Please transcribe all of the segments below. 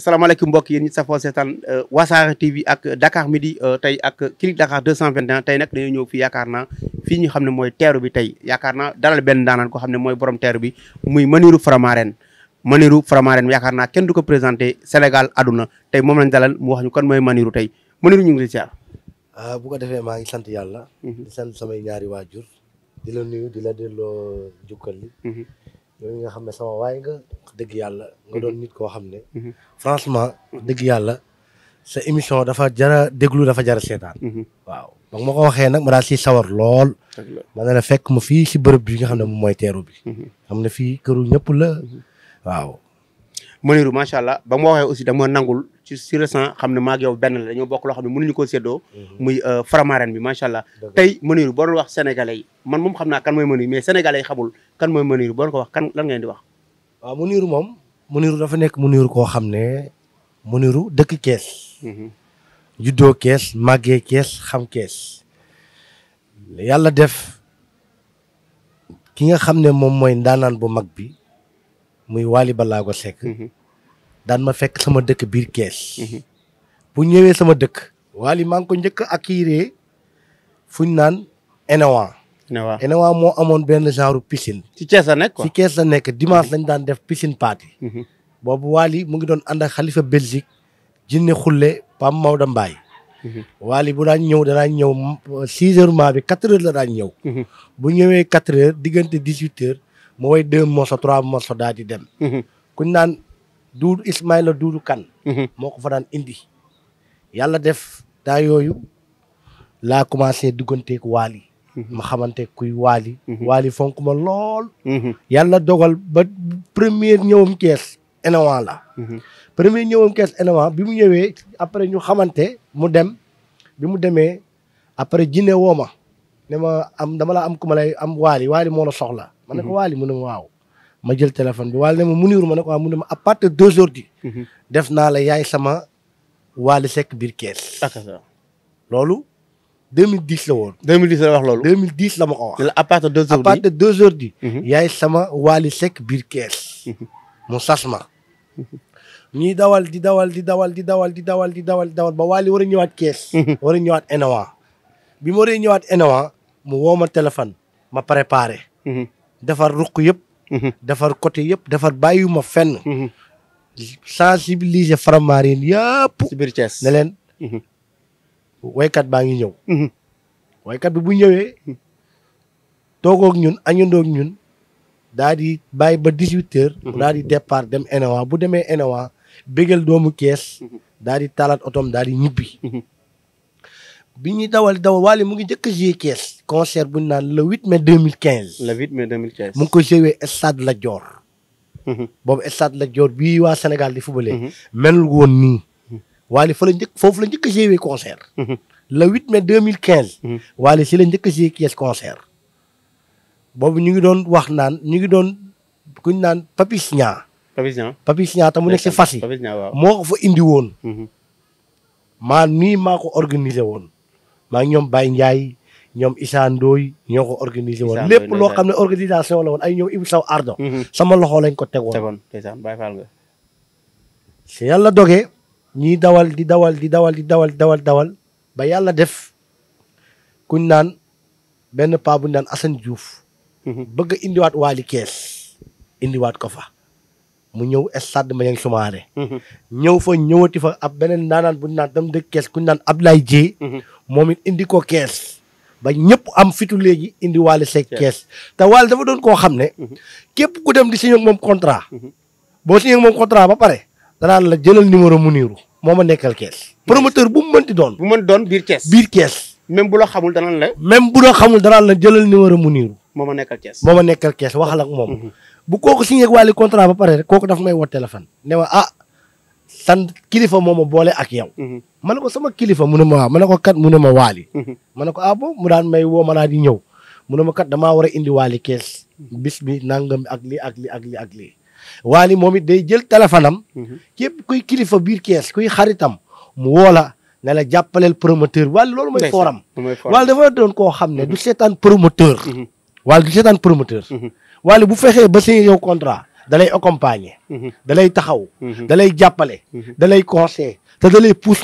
salaamaaleykum mbokk yéen ñi safoo seetaan euh, wasaare TV ak Dakar midi euh, tey ak Click Dakar 221 tey nag dañoo ñëw fii yaakaar na fii ñu xam ne mooy teeru bi tey yaakaar na dalal benn daanaan ko xam ne mooy borom teeru bi muy Maniru Faramareen Maniru Faramareen yaakaar naa kenn du ko présenté Sénégal àdduna tey moom lañ dalal mu wax ñu kan mooy Maniru tey Maniru ñu ngi lay ziar. Ah, bu ko defee maa ngi sant yàlla. Mhm. di sant samay ñaari waajur di la nuyu di la delloo jukkal li mhm. ñooñu nga xam ne sama waaye nga wax dëgg yàlla nga doon mhm. nit koo xam ne mhm. franchement wax dëgg yàlla sa émission dafa jara déglu dafa jara seetaan mhm. waaw ba ma ko waxee nag ma daal si sawar lool ma ne fekk ma fii si bërëb bi nga xam ne moom mooy teeru bi xam ne fii këru ñëpp la waaw Mounirou macha allah ba ma waxee aussi dama nangul ci sur le xam ne maag benn la bokk loo xam ne koo séddoo muy euh, Faramaren bi macha allah tey Mounirou boo doon wax sénégalais man moom xam naa kan mooy Mounir mais sénégalais yi kan mooy Mounir boo ko wax kan lan ngeen di wax. mu Mounir moom Mounir dafa nekk Mounir koo xam ne Mounir dëkk Kees. Mhm. juddoo Kees màggee Kees xam Kees. yàlla def ki nga xam ne moom mooy ndaanaan bu mag bi muy Waly Ballago Seck. Mhm. daan ma fekk sama dëkk biir Kees. Mhm. bu ñëwee sama dëkk. Waly maa ngi ko njëkk a acquérir fuñ naan Enawan. Enewa Enewa moo amoon benn genre piscine. ci Thiès la nekk quoi ci la nekk dimanche lañ daan def piscine party. Mhm. boobu Wally mu ngi doon ànd ak Khalifa Belgique. Jinne Xulle Pam Maodo Mbaye. Mhm. Wally bu daan ñëw danaa ñëw 6 heures maa bi 4 la daan ñëw. Mhm. bu ñëwee 4 diggante 18 heures mu way 2 morceaux 3 morceaux di dem. kuñ naan Duudu Ismaïla Duudu Kan. moo ko fa daan indi. yàlla def daa yooyu laa commencé dugganteeg Wally Mm-hmm. ma xamante kuy waali mm-hmm. waali fonk ma lool mm-hmm. yàlla dogal ba première ñëwam kees énéwan la première ñëwam kees énéwan bi mu ñëwee après ñu xamante mu dem bi mu demee après jinne woo ma ne ma am dama la am ku ma lay am waali waali moo soxla ma ne ko waali mu ne ma waaw ma jël téléphone bi waali ne ma munir ma ne ko waaw mu ne ma à partir de deux heures di def naa la yaay sama waali sekk biir kees loolu 2010 la woon. 2010 la wax loolu. 2010 la ma ko wax. à partir de 2 di. Mhm. yaay sama Wally sek biir kees. Mhm. mu sas ma. ñuy dawal di dawal di dawal di dawal di dawal di dawal di dawal ba Wally war a ñëwaat kees. Mhm. war a ñëwaat Enawa. bi ma war a ñëwaat Enawa mu woo ma téléphone ma préparé. defar ruq yëpp. defar côté yëpp defar bàyyiwuma fenn. sensibiliser Faramareen yëpp. si biir kees ne leen. waykat baa ngi ñëw mhm. waykat bi bu ñëwee mhm. toogoog ñun añandoog ñun daa di bàyyi ba dix huit heures mhm. di départ dem Enewa bu demee Enewa bégal doomu kees daa di talaat otom daa di ñibbi bi ñuy dawal dawal Wally mu ngi njëkk a kees concert bu ñu naan le huit mai deux mille quinze le huit mai deux mu ngi ko joué stade Lat Dior boobu stade la joor bii waa senegal di footballé melul woon nii Wally fa la njëkk foofu la njëkk a joué concert. Mhm. le 8 mai 2015. Mhm. Wally si la njëkk a joué Thiès concert. boobu ñu ngi doon wax naan ñu ngi doon ku naan Papis Niang. Papis Niang Papis ne te mu nekk si fas yi. moo ko fa indi woon. Mhm. maa nii maa ko organisé woon. maa ngi ñoom Baye Ndiaye ñoom Issa Ndoye ñoo ko organisé woon. lépp loo xam ne organisation la woon ay ñoom Ibou Sow Ardo. sama loxo lañ ko teg woon. teg woon ndeysaan Baye nga. ñuy dawal di dawal di dawal di dawal di dawal dawal ba yàlla def kuñ naan benn paa buñ naan Assane Diouf. Mhm. bëgg a indiwaat waali kees indiwaat ko fa. mu ñëw ma Maniang Soumaré mhm. ñëw fa ñëwati fa ab beneen naanaan bu ñu naan dem dëkk kees ku naan ab Ablaye Dieye mhm. moom it indi ko kees ba ñëpp am fitu léegi indi Wally Seck kees te Wally dafa doon koo xam ne képp ku dem di signé ak moom contrat boo signé ak moom contrat ba pare danaan la jëlal numéro Mounirou moo ma nekkal kees. promoteur bu mu mënti doon. bu mën doon biir kees. biir kees. même bu la xamul danaan la. même bu la xamul danaan la jëlal numéro mu niiru. moo ma nekkal kees. moo ma nekkal kees waxal ak moom. Mhm. bu kooku signé ak Wally contrat ba pare rek kooku daf may woo téléphone. ne ma a ah, san kilifa moo ma boole ak yow. Mhm. ma ne ko sama kilifa mu ne ma waaw ma ne ko kat mu ne ma Wally. Mhm. ma ne ko ah bon mu daan may woo ma di ñëw. mu ne ma kat damaa war a indi Wally kees. bis bi nangam ak lii ak lii ak ak waali moom it day jël téléphone am. Mhm. képp kuy kilifa biir kees kuy xaritam mu woo la ne la jàppaleel promoteur waali loolu mooy fooram waali dafa doon koo xam ne du mhm. seetaan promoteur. Mhm. waali du seetaan promoteur. waali bu fexee ba seen yow contrat. dalay lay accompagner. da lay taxaw. dalay lay jàppale. da te da lay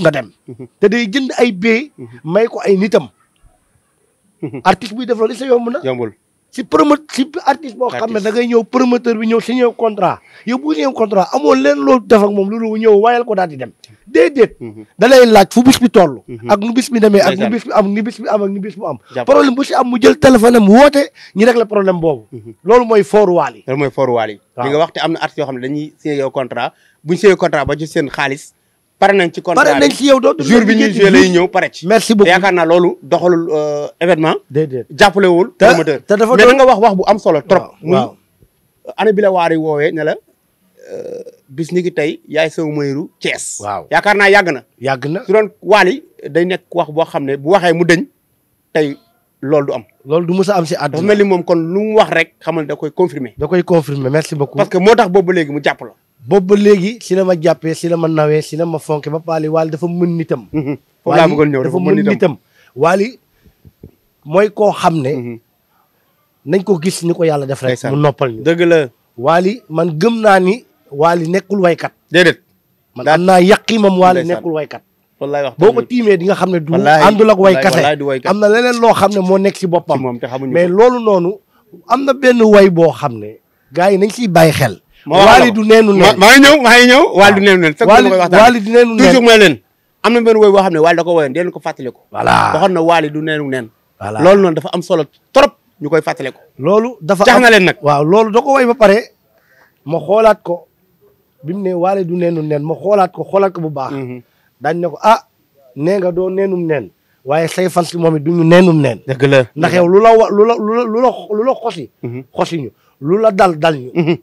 nga dem. te day jënd ay bee. may ko ay nitam. artiste buy def loolu sa mu na. si promo si artiste boo xam ne da ngay ñëw promoteur bi ñëw si ñëw contrat yow bu ñëw contrat amoon leen loo loolu def ak moom loolu ñëw wayal ko daal di dem déedéet mhm. da laaj fu bis bi toll mhm. ak nu bis bi demee ak nu bis bi am ni bis am ak ni bis bu am si am mu jël téléphone am woote ñu rek la boobu mhm. loolu mooy fooru waal yi loolu mooy fooru waal yi am na artiste yoo xam ne dañuy signé yow contrat buñu signé ba ci seen xaalis pare nañ ci kon pare nañ ci yow doo jour ñëw pare ci. merci loolu doxalul euh, événement. déedéet jàppalewul promoteur te nga wax wax bu am solo trop. muy bi la waari woowee ne la. Euh, bis ni ki tey yaay saw mayru Thiès. waaw yaakaar naa yàgg na. yàgg na su doon waali day nekk wax boo xam ne bu waxee mu dëñ tey loolu du am. loolu du mës a am si àdduna dafa mel ni moom kon lu mu wax rek xamal da koy confirmer. da koy confirmer merci beaucoup. parce que moo tax boobu léegi mu jàpp la. boobu ba léegi si la ma jàppee si la ma nawee si la ma fonke ba paali waali dafa mën nitam mhm. foofu laa bëggoon ñëw dafa mën nitam waali mooy koo xam ne mhm. nañ ko gis ni ko yàlla def rek mu noppal ñu dëgg la waali man gëm naa ni waali nekkul waykat déedéet man am naa yàqi moom waali nekkul waykat wallaay wax boo ko tiimee di nga xam ne du àndul ak way kase am na leneen loo xam ne moo nekk si boppam mais loolu noonu am na benn way boo xam ne gars yi nañ siy bàyyi xel waalidu neenu neen maa ngi ñëw maa ngi ñëw waalidu ah. neenu neen fekk ma koy waxtaan waalidu neenu neen toujours am na benn woy boo xam ne waali da ko woyoon deen ko fàttaliku voilà waxoon na waalidu neenu neen voilà loolu noonu dafa am solo trop ñu koy ko loolu dafa jax na leen nag waaw loolu da ko woy ba pare ma xoolaat ko bi mu ne waalidu neenu neen ma xoolaat ko xoolaat ko bu baax mm-hmm. daañ ne ko a ah, nee nga doo neenum neen waaye say fan si moom it duñu neenum neen dëgg la ndax yow lu la lu la lu la lu la xosi mm-hmm. xosi ñu lu la dal dal ñu mm-hmm.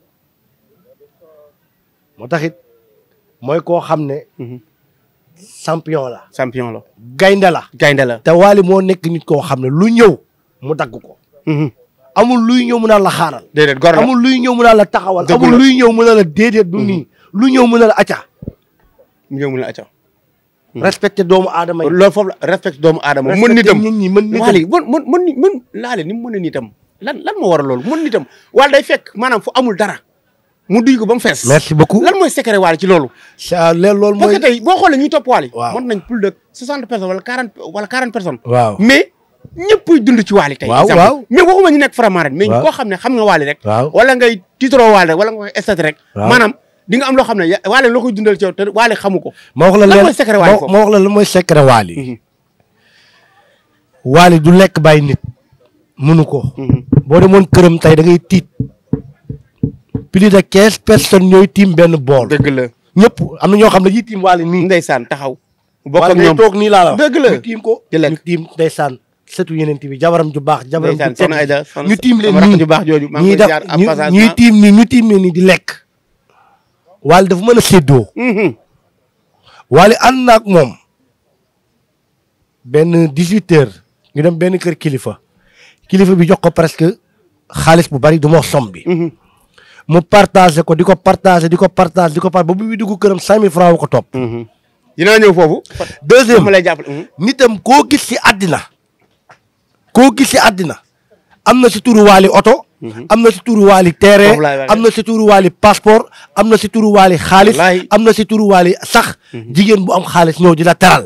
moo tax it mooy koo xam ne. Mhm. champion la. champion la. gaynde la. gaynde la te Wally moo nekk nit koo xam ne lu ñëw mu dagg ko. Mhm. amul luy ñëw mu naan la xaaral. déedéet gor la luy ñëw mu naan la taxawal. amul luy ñëw mu naan la déedéet du mhm. lu ñëw mu naan la acca. lu ñëw mu naan doomu aadama yi. loolu foofu la doomu aadama. mën nitam respecté nit mën nitam mën mën mën laale ni mu mën a nitam lan lan moo waral lool mën nitam Wally day fekk maanaam fu amul dara. mu duy ko ba mu fees. merci beaucoup lan mooy secret waale ci loolu. sa loolu mooy parce que tey boo xoolee ñuy di am loo xam ne waale loo ko. ma wax la lan mooy secret waale ko la lan mooy secret waale. Mhm. waale du lekk bàyyi nit. mënu ko. Mhm. boo demoon këram tey da ngay tiit. plus de quinze personnes ñooy tiim benn bool. dëgg la ñëpp am na ñoo xam ne yi tiim waale nii. saan taxaw. bokk ak ñoom toog nii laa la dëgg la ñu tiim ko di lekk ñu tiim ndeysaan setu yeneen bi jabaram ju baax. jabaram ju teg ñu tiim leen nii ju baax jooju. ñuy def ñuy tiim nii ñu tiim leen nii di lekk. waale dafa mën a séddoo. Mm-hmm. waale ànd na moom benn dix-huit heures ñu dem benn kër kilifa kilifa bi jox ko presque xaalis bu bari du ma som mu partagé ko diko ko partagé di ko partagé di ko partagé ba bu muy dugg këram cinq mille ko topp. Mhm. dinaa ñëw foofu. deuxième lay jàppale. Mhm. nitam koo gis si àddina koo gis si àddina am na si turu waali oto. Mhm. am na si turu waali terrain am na si turu waali passeport am na si turu waali xaalis am na si turu waali sax. jigéen bu am xaalis ñëw di la teral.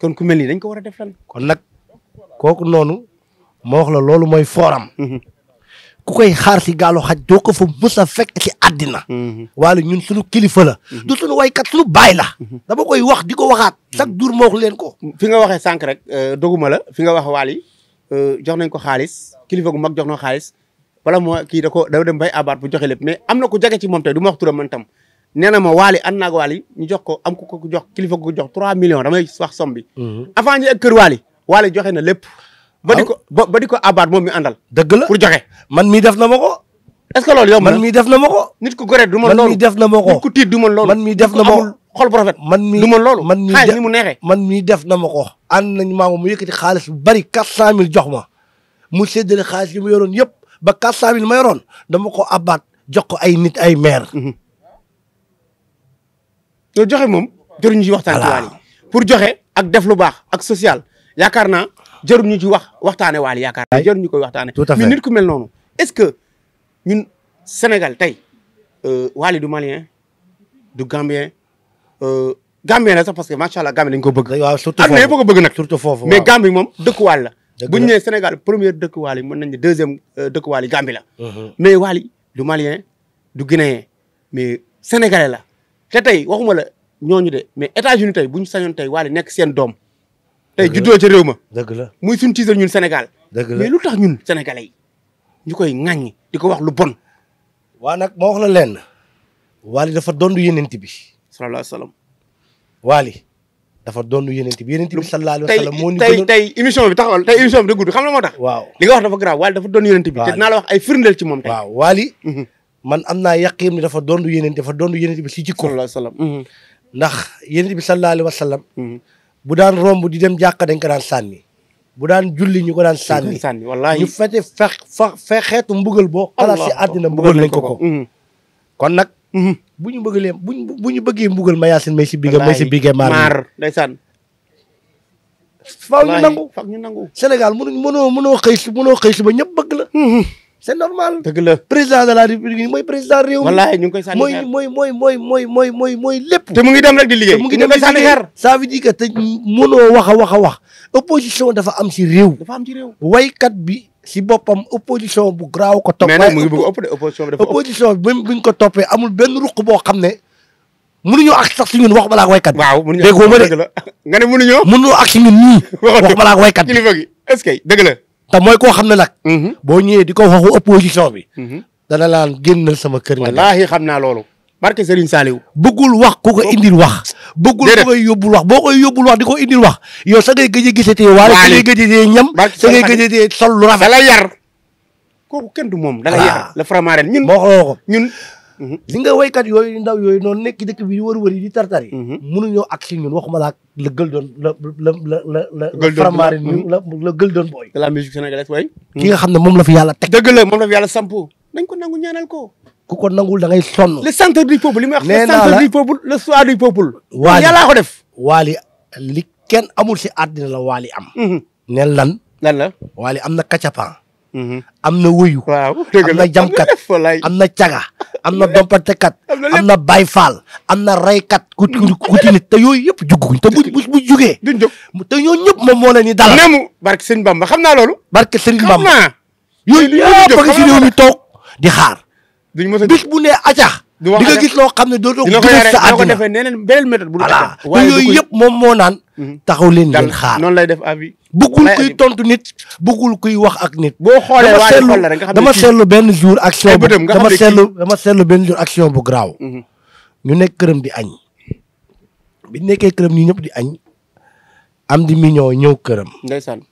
kon ku mel ni dañ ko war a def kon nag kooku noonu moo wax la loolu mooy fooram. ku koy xaar si gaalu xaj doo ko fa mës fekk si àddina mhm. waalo ñun suñu kilifa la mhm. du suñu waykat suñu baay la mhm. dama koy wax di ko waxaat chaque jour ma wax leen ko fi nga waxee sànq rek euh, doguma la fi nga wax Wally euh, jox nañ ko xaalis kilifa gu mag jox na xaalis wala moo kii da ko da dem bay abaat bu joxe lépp mais am na ku jage ci moom ma wax turam man tam nee na ma Wally ànd naa ak Wally ñu jox ko am ku ko jox kilifa ku ko jox 3 millions damay wax somme bi avant ñu egg kër Wally Wally na lépp ba di ko ba di ko abaat moom mi àndal. dëgg la pour joxe man mii def na ma ko. est-ce que loolu yow man mii def na ma ko. nit ku gore du ma loolu man mii def na ma ko nit ku tiit du ma loolu. man mii def na ma ko xol bu rafet man mii du ma loolu. man mii def mu neexee man mii def na ma ko. ànd nañ maa mu yëkkati xaalis bu bari 400000 jox ma mu séddale xaalis yi mu yoroon yëpp ba 400000 ma yoroon dama ko abaat jox ko ay nit ay maire. Mhm. loolu joxe moom. jëriñu ci waxtaan ci pour joxe ak def lu baax ak social yaakaar naa. jarul ñu ci wax waxtaane Wally yaakaar naa jarul ñu koy waxtaane mais nit ku mel noonu est-ce que ñun Sénégal tey euh, Wally du malien du gambien euh, gambien la sax parce que macha allah gambien dañ ko bëgg waaw surtout foofu am na yëpp ko bëgg nag surtout foofu mais moom dëkk Wally la bu ñu nee Sénégal première dëkk Wally mën nañ ne deuxième euh, dëkk Wally gambie la mhm. mais Wally du malien du guinéen mais sénégalais la te tey waxuma la ñooñu de mais États-Unis tey bu ñu sañoon tey Wally nekk seen doom tey juddoo ca réew ma. dëgg la muy suñu tiisal ñun Sénégal. dëgg la mais lu tax ñun sénégalais yi ñu koy ŋaññi di ko wax lu bon. waa nag ma wax la lenn. Wally dafa dondu yenent bi. sallallahu alayhi wa sallam. Wally dafa dondu yenent bi yenent bi sallallahu alayhi wa sallam. moo ni tey tey émission bi taxawal tey émission bi da gudd xam la moo tax. waaw li nga wax dafa grave Wally dafa dondu yenent bi. waaw te dinaa la wax ay firndeel ci moom tey. waaw Wally. Mhm. man am naa yaqiin ni dafa dondu yenent dafa dondu yenent bi si jikko. sallallahu alayhi wa sallam. Mhm. ndax yenent bi sallallahu alayhi wa sallam mhm. bu daan romb di dem jàkka dañ ko daan sànni bu daan julli ñu ko daan sànni ñu fete fex fex xeetu mbugal boo xalaat si àddina mbugal nañ ko ko mm-hmm. kon nag mm-hmm. bu ñu bëggalee buñ bu ñu bëggee mbugal ma si bige si bige maar ndeysaan faaw ñu nangu senegal ñu nangu Sénégal mënuñ mënoo mënoo ba ñëpp bëgg c'est normal. dëgg la président de la république mooy président réew mi. wallaahi ñu ngi koy sànni xeer mooy mooy mooy mooy mooy mooy mooy lépp. te mu ngi dem rek di liggéey mu ngi dem di sànni xeer. ça te mënoo wax a wax a wax opposition dafa am si réew. dafa am ci réew. waykat bi si boppam opposition bu graaw ko topp. mais nag mu ngi bëgg ëpp opposition bi ko toppee amul ben ruq boo xam ne. mënuñoo ak sax si ñun wax balaa ak waykat bi. waaw mënuñoo dëgg nga ne mënuñoo. mënuñoo ak si ñun nii. wax balaa ak waykat bi kilifa te mooy koo xam ne nag. Mhm. boo ñëwee di ko waxu opposition bi. Mhm. dana laan génnal sama kër. wallaahi xam naa loolu. barke Serigne Saliou. bëggul wax ku ko indil wax. bëggul ku koy yóbbul wax boo ko yóbbul wax di ko indil wax yo sa ngay gëj a gisatee. waaye sa ngay gëj a tee ñam. sa ngay gëj a tee sol lu rafet. da lay yar kooku kenn du moom. da lay yar la faramaareel ñun. ko Mm-hmm. li nga waykat yooyu ndaw yooyu noonu nekk dëkk bi di wër-wër yi di tartar yi. mënuñoo mm-hmm. ak si ñun waxuma laak la gël la la la la la. gël doon la la gël doon booy. la musique ki nga xam ne moom la fi yàlla teg. dëgg la moom la fi yàlla sampu. nañ ko nangu ñaanal ko. ku ko nangul da ngay sonn. le centre la peuple li may wax. le centre du peuple le soir du peuple. waali yàllaa ko def. waali li kenn amul si àddina la waali am. Mm-hmm. ne lan. lan la waali am na kacapan. Mm-hmm. am na wuyu. waaw am na jamkat am na caga am na dompantekat. am na bay faal am na raykat. ku ci te yooyu yëpp jugguñ te bu bu bu jugee. duñ te yooyu ñëpp moom moo leen di dalal. nemu barke Serigne Bamba xam naa loolu. barke Serigne Bamba xam yooyu yëpp ba nga si réew mi toog di xaar. duñ mos a bis bu nee acax. di nga gis loo xam ne doo doog gis sa defee neneen beneen méthode. bu dul voilà yooyu yëpp moom moo naan. Mm-hmm. taxaw leen leen xaar noonu lay def abi bëggul kuy tontu nit bëggul kuy wax ak nit. boo xoolee waaye xool la rek dama seetlu benn jour action. dama seetlu dama seetlu benn jour action bu garaaw. Mhm. ñu nekk këram di añ. bi nekkee këram ñu ñëpp di añ. am di mi ñoo ñëw këram. ndeysaan.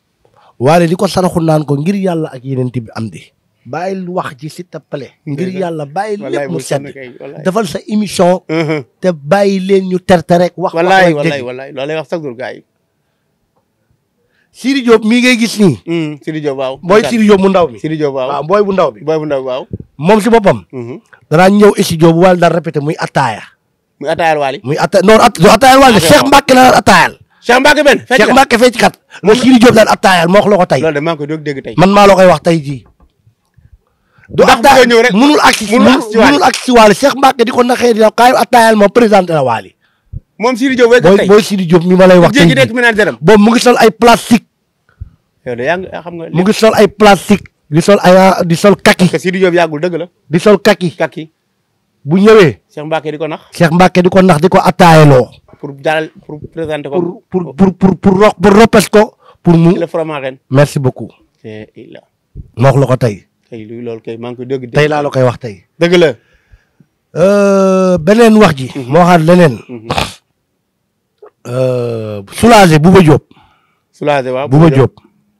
waaye di ko saraxu naan ko ngir yàlla ak yeneen bi am di. bàyyil wax ji si tappale ngir yàlla bàyyi lépp mu sedd defal sa émission. Mhm. te bàyyi leen ñu terte rek. wax wax walaay walaay walaay loolay wax sax dur yi Sidi Diop mii ngay gis nii. Hmm, Sidi Diop waaw. booy Sidi Diop mu ndaw bi Sidi Diop waaw ah, booy bu ndaw bi. booy bu ndaw waaw. moom si boppam. Hmm. danaa ñëw e studio bu wàllu daal répété muy attaaya. muy attaayal waali. muy atta non att du attaayal waali Cheikh Mbacke la daan attaayal. Cheikh Mbacke benn fecc Cheikh Mbacke fecc kat. moom Sidi Diop daan attaayal moo wax la ko tey. loolu de maa ngi koy doog dégg tey. man maa la koy wax tey jii. du attaaya munul ak si munul ak si waali Cheikh Mbacke di ko naxee dina kaay attaayal moom présenté la waali. moom Sidi Diop wékk tey booy Sidi Diop mi ma lay wax tey jii boobu mu ngi sol ay plastique yow de xam nga. mu ngi sol ay plastique. di sol ay di sol kaki. la. di sol kaki kaki. bu ñëwee. seex Mbacke di ko nax. Cheikh Mbacke di ko nax di ko attaayaloo. pour dalal pour présenter ko. pour pour pour pour ro pour ropes ko. pour mu merci beaucoup. ma wax la ko tey. tey loolu dégg. tey laa loo koy wax tey. dëgg la. Euh, beneen wax ji. moo mhm. waxaat leneen. Mhm. Euh, soulager Bouba Diop. soulager waaw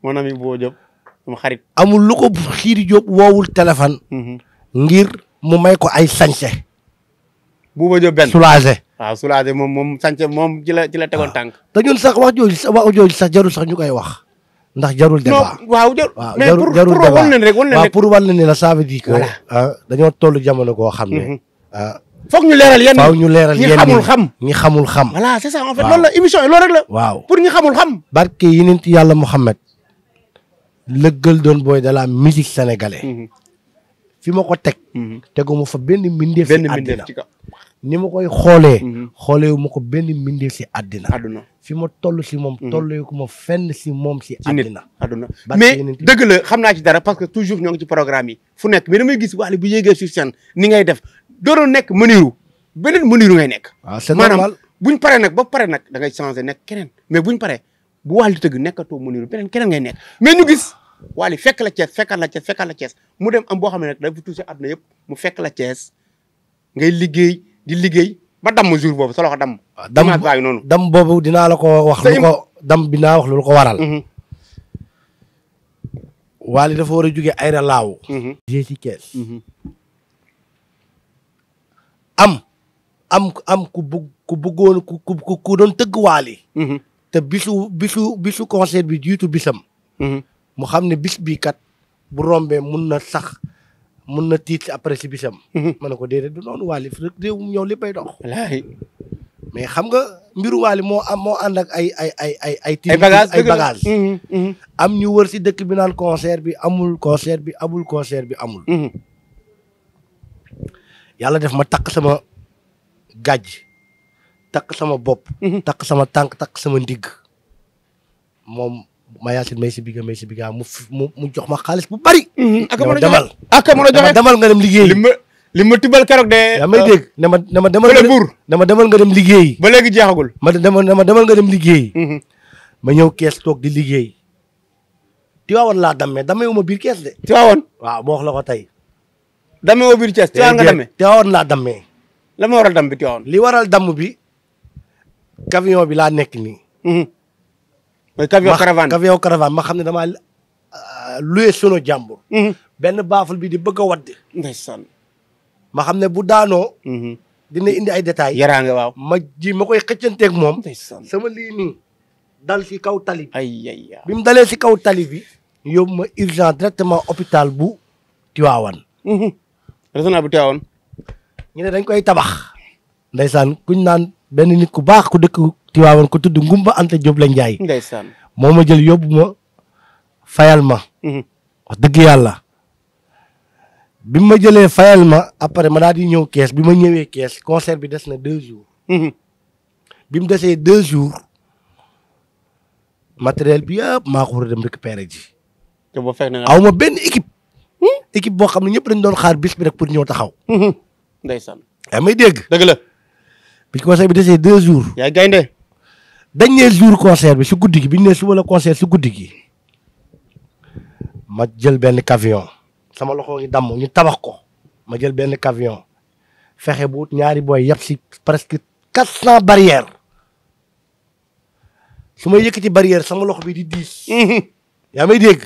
mon ami Boo Diop sama xarit. amul lu ko Sidy Diop woowul téléphone. Mhm. ngir mu may ko ay sañse. Bouba Diop benn soulagé. waaw soulagé moom moom sañse moom ci la ci la tegoon ah. tànk. te ñun sax wax jooju sax wax jooju sax jarul sax ñu koy wax. ndax jarul débat waaw jarul mais pour pour wan rek wan leen rek pour wan leen la ça veut dire que. Ah, dañoo toll jamono koo xam ne. Mhm. Ah, foog ñu leeral yenn faaw ñu leeral yenn ñi xamul xam ñi xamul xam. voilà c'est ça en fait loolu la émission yi loolu rek la. waaw pour ñi xamul xam. barke yi nit yàlla Muhammad le Gueule booy Boy de la musique mhm. fi ma ko teg. Mhm. teguma fa benn mbindeef. benn mbindeef ci ni ma koy xoolee. Mhm. xoolee wu ko benn mbindeef si addina àdduna fi ma toll si moom. tollee ku ma fenn si moom si. àddina àdduna mais dëgg la xam naa ci dara parce que toujours ñoo ngi ci programme yi fu nekk mais damay gis Wally bu yéegee su sen ni ngay def dooroon nekk mëniru beneen mëniru ngay nekk. waaw ah, c'est normal maanaam bu ñu paree nag ba pare nag da ngay changer nekk keneen mais bu ñu paree. bu Wally tëgg nekkatoo Mounirou beneen keneen ngay nekk mais ñu gis Wally fekk la Thiès fekkaat la Thiès fekkaat mu dem am boo xam ne nag dafa touché na yëpp mu fekk la cees ngay liggéey di liggéey ba damm jur boobu sa loxo damm. Ah, dam baayu noonu dam boobu dinaa la ko wax. lu ko dam bi naa wax ko waral. Mhm. Wally dafa war a jugee ayra laaw. Mhm. ci Thiès. Mhm. am am am ku bëgg ku bëggoon ku ku ku doon tëgg Wally. te bisu bisu bisu concert bi jiitu bisam. Mhm. mu xam ne bis bii kat bu rombee mun na sax mun na tiit si après si bisam. Mhm. ma ne ko déedéet du noonu Wally rek réewum ñëw léppay dox. wallaahi mais xam nga mbiru Wally moo am ànd ak ay ay ay ay ay. ay ay bagages. Mhm, am ñu wër si dëkk bi naan concert bi amul concert bi amul concert bi amul. yàlla def ma takk sama gàjj. takk sama bop mhm. takk sama tànk takk sama ndigg. moom ma yaasin may si biga may mu mu jox ma xaalis bu bari. Mhm. ak mën a demal ak nga dem liggéeyi. li ma li ma tibal de. yaa may euh, ma ne ma demal. nga dem liggéeyi. ba léegi jeexagul. ma ne ma demal nga dem liggéeyi. Mhm. ma ñëw liggéey. laa dammee dammee wu ma biir kees de. Tiwaawoon waaw laa dammee. la ma waral damm bi Tiwaawoon. li waral damm bi. camion bi laa nekk nii. Mhm. mooy camion caravane camion caravane ma xam ne damaa euh, loué sunu jàmbur. Mhm. benn baaful bi di bëgg a wadd. ndeysaan ma xam ne bu daanoo. Mhm. dina indi ay détails. yaraa nga waaw ma ji ma koy xëccanteeg moom. sama lii nii dal si kaw tali bi. ay bi mu dalee si kaw tali bi. yóbbu ma urgent directement hôpital bu Tivaouane. résonance bu Tivaouane. ñu ne dañ koy tabax. ndeysaan kuñ naan. benn nit ku baax ku dëkk Tiwaawan ku tudd Ngumba Anta Diop la Njaay ndeysaan moo ma jël yóbbu ma fayal ma mhm. wax dëgg yàlla bi ma jëlee fayal ma après ma daal ñëw kees bi ma ñëwee kees concert bi des na deux jours mhm. bi mu desee deux jour matériel bi yëpp maa ko war a dem récupérer ji te boo fekk aw ma benn équipe hmm? équipe boo xam ne ñëpp dañ doon xaar bis bi rek pour ñëw taxaw mhm. ndeysaan may dégg bi concert bi desee deux jours. yaa gaynde dañ jour concert bi si guddigi bi ñu ne suba la concert si guddi gi ma jël benn camion sama loxo ngi damm ñu tabax ko ma jël benn camion fexe bu ñaari booy yab si presque quatre cent barrières su may yëkkati barrière sama loxo bi di diis. Mhm. yaa may dégg.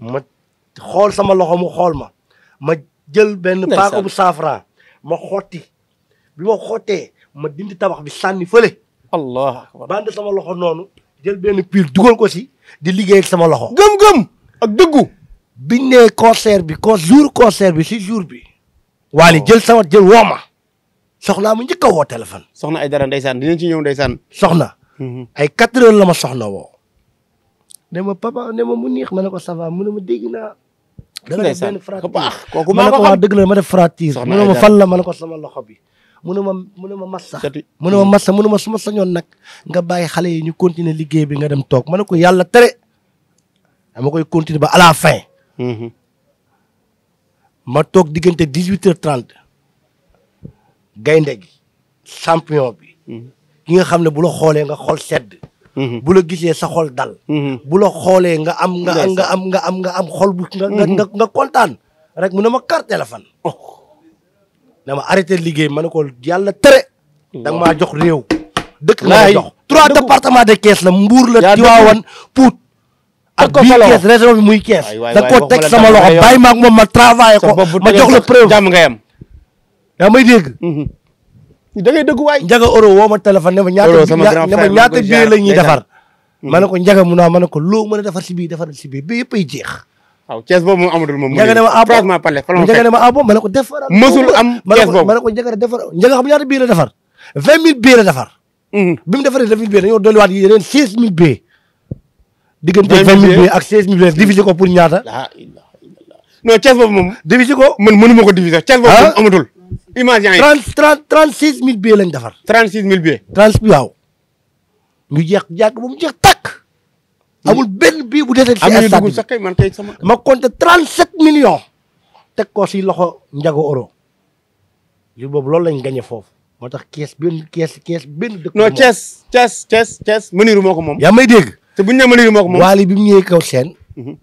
ma xool sama loxo mu xool ma ma jël benn. paaka bu saafara ma xotti bi ma xottee. ma dindi tabax bi sànni fale allah akbar band sama loxo noonu. jël benn piir dugol ko si. di liggéey ak sama loxo. gëm-gëm ak dëggu. biñ ne concert bi con jour concert bi si jour bi. waali oh. jël sama jël wooma. soxnaa mu njëkk a woo téléphone. soxna ay dara ndeysaan dinañ ci ñëw ndeysaan. soxna. Mm-hmm. ay quatre heures la ma soxna woo. ma papa ne ma mu neex ma ne ko ça va mu ne ma dégg naa. dëgg la dama def benn frature ne ko waa dëgg ma def frature. soxna ma fan la ma ne ko sama loxo bi. mënu mm. ma mënu ma massa mënu ma massa mënu ma su sañoon nag nga bàyyi xale yi ñu continuer liggéey bi nga dem toog ma ne ko yàlla tere dama koy continuer ba à la fin mm-hmm. ma toog diggante dix huit heures gaynde gi champion bi mm-hmm. ki nga xam ne bu la xoolee nga xool sedd mm-hmm. bu la gisee sa xol dal bu la xoolee nga am nga am nga am nga am nga am xol bu nga nga nga kontaan rek mu ne ma carte téléphone oh. ne ma arrêté liggéey ma ne ko yàlla tere. da nga maa jox réew. dëkk la jox trois département de Kees la Mbour la. Tivaouane Pout. ak bii Kees région bi muy Kees. da koo teg sama loxo bàyyi ma ak ma travaillé ko ma jox la preuve. jàmm nga yem. yaa may dégg. Mhm. da ngay dëgg waay. Njaga woo ma téléphone ne ma ñaata ne la ñuy defar. ma ne ko Njaga mu naa ma ne ko loo mën a defar si bii defar si yëpp ay jeex. waaw Thiès boobu moom amatul moom. njëkk a ne ma ah bon franchement parler fa la ma fekk njëkk a ne ma ma ko defaral. mësul am Thiès boobu ma ne ko njëkk defar njëkk a xam defar. vingt mille bii la defar. Mhm. bi mu defaree vingt mille bii six mille bii ah? defar. trente six mille mu jeex tàkk amul benn bii bu desee. ci instant bi sax kay man kay sama. ma compté 37 millions. teg ko si loxo njago oro. li boobu loolu lañ gagné foofu. moo tax kees benn kees kees benn dëkk. non Thiès Thiès Thiès Thiès Maniru moo ko moom. yaa may dégg. te bu ñu nee Maniru moo ko moom. waali bi mu ñëwee kaw seen. Mhm.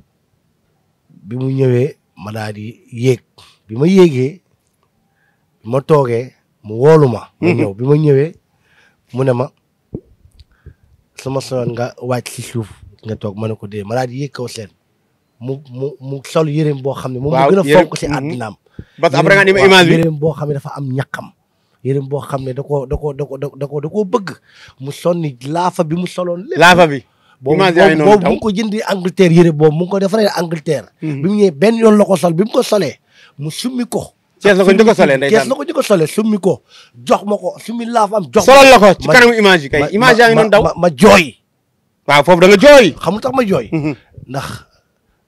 bi mu ñëwee ma daal di yéeg. bi ma yéegee bi ma toogee mu woolu ma. ma mhm. ñëw bi ma ñëwee mu ne ma sama soyoon nga wàcc si suuf. nga toog mën a ko dee malade yéeg kaw seen mu mu mu sol yëreem boo xam ne moom mu gën a fonk si mm-hmm. àddinaam parce que après nga boo xam ne dafa am ñaqam yëreem boo xam ne da koo da koo da ko da ko da koo bëgg mu sonni laafa bi mu soloon lépp laafa bi image yaa ngi noonu boobu mu ngi ko yëre boobu mu ngi ko defaree Angleterre mm-hmm. bi mu ñëwee benn yoon la ko sol bi mu ko solee mu summi ko Cees la ko njëkk a ko njëkk a solee summi ko jox ma ko summi laafam jox la ko ci kanamu image yi kay image yaa ngi ma jooy waaw foofu da nga jooy. xam lu tax ma jooy. Mhm. ndax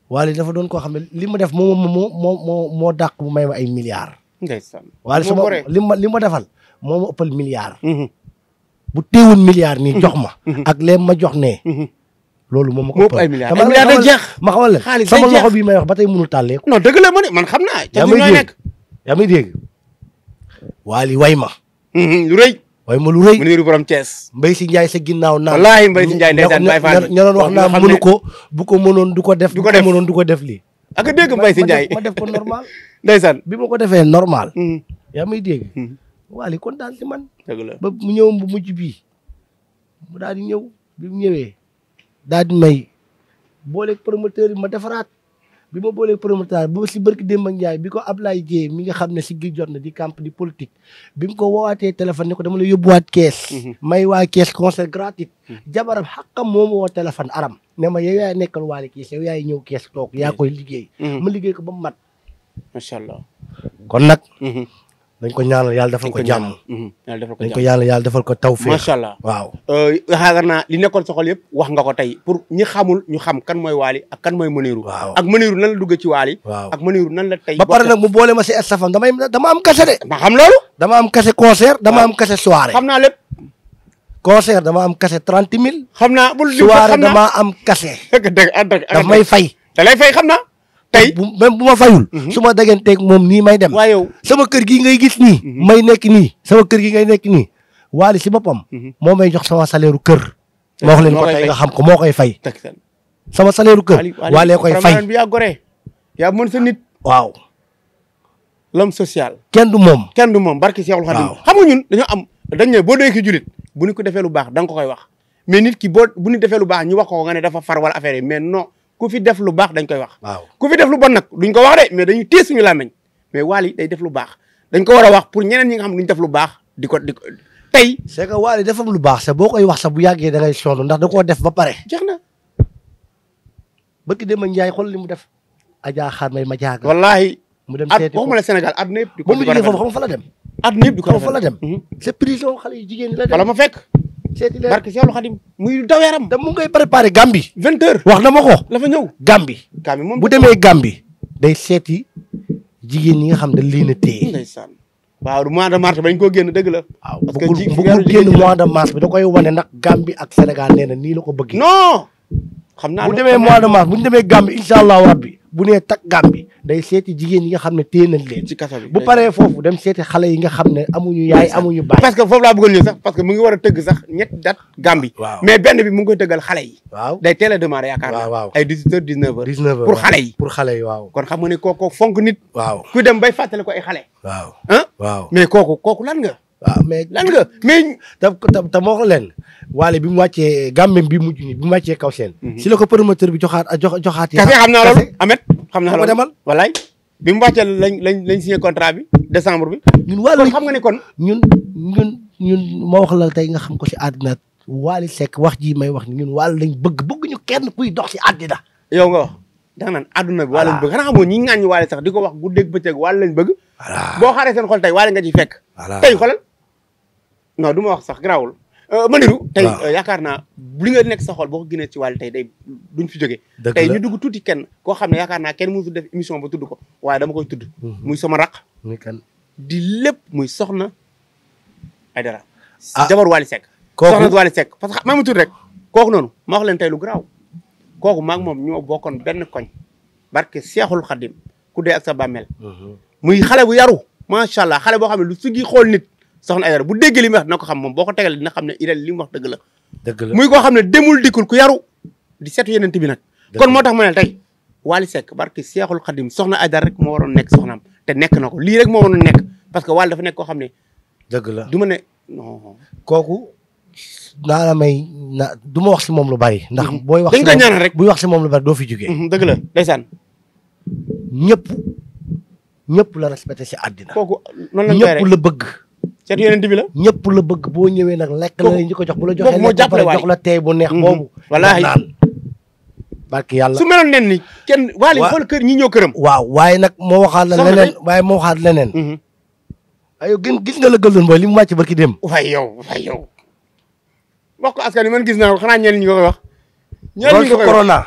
Wally dafa doon koo xam ne li ma def moo moo moo moo dàq bu may ma ay milliards. ndeysaan Wally sama li ma li ma defal moo ma ëppal milliards. Mhm. bu teewul milliards nii jox ma. Mhm. ak lee ma jox nee. loolu moom ma ëppal ay milliards day jeex ma xamal la sama loxo bii ma wax ba tey mënul tàllee ko. non dëgg la ma ne man xam naa. yaa may dégg yaa may dégg. Wally way ma. lu waaye ma lu rëy mu niru borom Thiès Mbaye si Ndiaye sa ginnaaw naan wallaahi mbay si Ndiaye ndeysaan Baye Fall ña doon wax naa ko bu ko mënoon du ko def bu ko mënoon du ko def lii ak dégg Mbaye si Ndiaye ma def ko normal ndeysaan bi ma ko defee normal mm. yaa may dégg mm. waali kontaan si man dëgg la ba mu ñëw bu mujj bii mu daal di ñëw bi mu ñëwee daal di may booleeg promoteur yi ma defaraat bi ma boolee promoteur ba si barki démb ak Ndiaye bi ko Ablaye Dieye mi nga xam ne si gi jot na di camp di politique bi mu ko woowaatee téléphone ne ko dama la waat kees. Mhm. may waa kees concert gratuit. Mhm. jabaram moo moom woo téléphone aram ne ma yow yaay nekkal waale kees yaay ñëw kees toog yaa mhm. koy liggéey. ma liggéey ko ba mu mat. macha allah kon nag. dañ ko ñaanal yàlla defal ko jàmm. yàlla ko jàmm mhm. dañ ko ñaanal yàlla defal ko tawféex. macha allah waaw. xaaral euh, naa li nekkoon soxal yëpp wax nga ko tey pour ñi xamul ñu xam kan mooy Wally ak kan mooy Mounirou. waaw ak Mounirou nan la duggee ci Wally. waaw ak Mounirou nan la ba pare nag mu boole ma si estafam damay dama am kase de. ma xam loolu. dama am kase concert dama am kase soirée. xam naa lépp. concert dama am kase trente mille. xam naa bul soirée dama am kase. dëgg dëgg daf may fay. da fay xam tey même bu ma fayul. Mhm. su ma daganteeg moom ni may dem. waaye sama kër gi ngay gis nii. Mhm. may nekk nii sama kër gi ngay nekk nii. waali si boppam. Mhm. moo may jox sama salaire kër. moo wax leen ko tey nga xam ko moo koy fay. sama salaire kër. waalee koy fay bi yaa gore yaa mën sa nit. waaw. l'homme social. kenn du moom. ken du moom barki Seexul Xadim. waaw xam nga ñun dañoo am dañ ne boo dee ki julit bu ni ko defee lu baax da nga ko koy wax mais nit ki boo bu ni defee lu baax ñu wax ko nga ne dafa far wala affaire yi mais ku fi def lu baax dañ koy wax. waaw ku fi def lu bon nag duñ ko wax de mais dañu téye suñu làmmiñ mais Wally day def lu baax dañ ko war a wax pour ñeneen ñi nga xam duñ def lu baax di ko di ko tey. c'est que Wally dafa am lu baax sax boo koy wax sax bu yàggee da ngay sonn ndax da koo def ba pare. jeex na. bëgg Demba Ndiaye xool li mu def. a Adja xaar may ma jaaga. wallaahi. mu dem seeti ko waxuma la Sénégal àdduna yëpp. di ko di mu fa la dem. àdduna yëpp di ko rafetlu mhm. la dem. wala ma fekk. seeti leen barke Seexul Xadim muy daw yaram. da mu ngay préparé Gambie. wax na ma ko. la fa ñëw Gambie. moom bu demee Gambie. day seeti jigéen ñi nga xam ne lii na téye. ndeysaan waaw mois de mars bañ koo génn dëgg la. waaw bëggul mois de mars bi da koy wane nag Gambie ak Sénégal nee na nii la ko bëggee. non. xam naa demee mois de mars bu demee Gambie incha allahu rabbi bu nee tak Gambie day seeti jigéen yi nga xam ne téye nañ leen. ci kaso bi bu paree foofu dem seeti xale yi nga xam ne amuñu yaay amuñu baay. parce que foofu laa bëggoon ñëw sax parce que mu ngi war a tëgg sax ñetti date Gambie. waaw benn bi mu ngi koy tëggal xale yi. waaw day teel a demandé yaakaar naa. waaw waaw ay 18 heures 19 xale yi. pour xale yi waaw. kon xam nga ne kooku fonk nit. waaw ku dem bay fàttali ko ay xale. waaw ah. waaw mais kooku kooku lan nga. waaw mais lan nga mais. te te moo ko leen waale bi mu wàccee gàmmeem bi mujj ni bi mu kaw cen mhm. si la ko promoteur bi joxaat jox joxaat yi. kafe xam naa loolu Amet xam na loolu demal walaay bi mu wàccee lañ lañ lañ signé contrat bi décembre bi ñun waale xam nga ne kon ñun ñun moo wax la tey nga xam ko si àddina waali sekk wax ji may wax ni ñun waale lañ bëgg bëgg ñu kenn kuy dox si àddina yow nga wax da nga naan àdduna bi waale lañ bëgg xanaa xamoo ñi ŋàññi waale sax di ko wax guddeeg bëccëg waale lañ bëgg boo xaaree seen xol tey wale nga ci fekk tey xolal noo du ma wax sax garaawul Euh, Maniru tey euh, yaakaar naa li nga nekk sa xool boo ko génnee ci wàll tey day duñ fi jógee tey ñu dugg tuuti kenn ko xam ne yaakaar naa kenn mësul def émission ba tudd ko waaye dama koy tudd mhm. muy sama raq di lépp muy soxna ay dara ah. jabar Wally Seck soxna Wally Seck parce que maa ngi rek kooku noonu ma wax leen tey lu garaaw kooku maak moom ñoo bokkoon benn koñ barke Seexul Xadim ku dee ak sa bàmmeel mhm. muy xale bu yaru macha allah xale boo xam ne lu sigi soxna Aïdara bu dégg li muy wax ko xam moom boo ko tegalee dina xam ne Irel la. muy koo xam ne demul dikkul ku yaru di seetu yeneen bi nag. kon moo tax ma ne tey Wally Seck barki Seexul Xadim soxna Aïdara rek moo waroon nekk soxnaam te nekk na ko lii rek moo waroon nekk parce que Wally dafa nekk koo xam ne. dëgg la du ma ne non. kooku naa la may na du ma wax si moom lu bari. ndax mhm. booy wax si dañ ko ñaanal rek wax si moom lu bari doo fi jugee. Mhm, dëgg la ndeysaan. ñëpp ñëpp la respecté si àddina. kooku noonu la ñëpp la bëgg. seet yeneen bi la ñëpp la bëgg boo ñëwee nag lekk la ko jox bu la joxee moo jàppale waay jox la tey bu neex mhm. boobu wallaahi naan barke yàlla su meloon nen ni kenn waali xool kër ñi ñoo këram waaw waaye nag moo waxaat la leneen waaye moo waxaat leneen mhm. ayo gën gis nga la gëldoon booy li mu wàcc barki dem waay yow waay yow wax ko askan man gis naa ko xanaa ñeen ñi ko koy wax ñeen ñi ko corona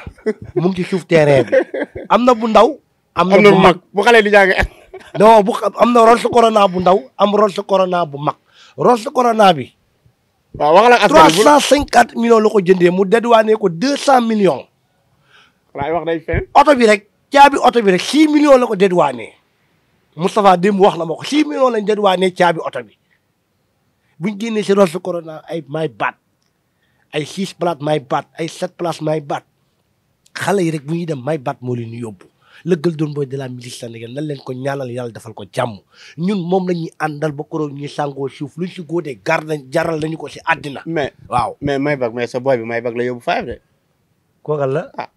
mu ngi ci suuf terrain am na bu ndaw am na bu mag bu xale di jàng non bu am na Rolls Corona bu ndaw am Rolls Corona bu mag Rolls Corona bi. waaw wax la million bi 350 millions la ko jëndee mu dédouané ko 200 millions. waaye wax day oto bi rek caabi oto bi rek 6 millions la ko dédouané Moustapha démb wax la ma ko 6 millions lañ waane caabi oto bi buñ génnee si Rolls Corona ay may baat ay 6 places may baat ay 7 places may baat xale yi rek bu ñuy dem may baat moo leen yóbbu. la Golden Boy de la musique sénégalaise nan leen ko ñaanal yàlla defal ko jàmm ñun moom la ñuy àndal ba koroog ñuy sàngoo suuf luñ si góodee gar nañ jaral nañu ko si àddina. mais waaw mais Maybach mais sa boy bi may Maybach la yóbbu faayam de. koogal la ah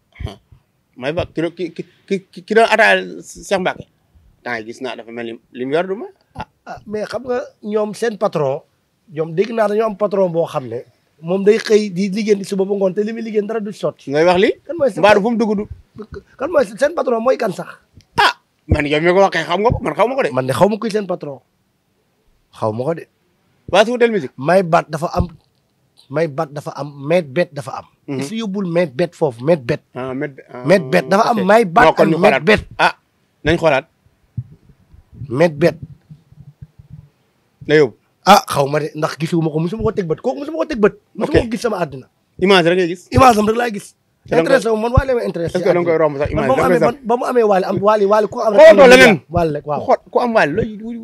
Maybach ki doon ki ki ki doon ataaya Cheikh Mbacke. yi gis naa dafa mel ni li mu yor du ma ah. ah. mais xam nga ñoom seen patron. ñoom dégg naa dañoo am patron boo xam ne. moom day xëy di liggéey di suba ba ngoon te li muy liggéey dara du wax li kan mooy sa mbaaru fu kan mooy seen patron mooy kan sax. ah man yow mi ko waxee xam nga ko man xaw ma ko de. man de xaw ma kuy seen patron xaw ma ko de. Wassou Del Musique. may bat dafa am may bat dafa am met bet dafa am. su mhm. yóbbul met bet foofu met bet. ah met ah, met bet dafa am may bat ak met bet. ah nañ xoolaat. met bet. na yóbbu. ah xaw ma de ndax gisuma ko mosuma ko teg bët kooku mosuma ko teg bët. ok mosuma ko gis sama àddina. image rek ngay gis. image am rek laay gis. intéressé wu man waale ma intéressé. ba mu amee waale am waale waale ku am. xooloo leneen waale rek waaw ku am waale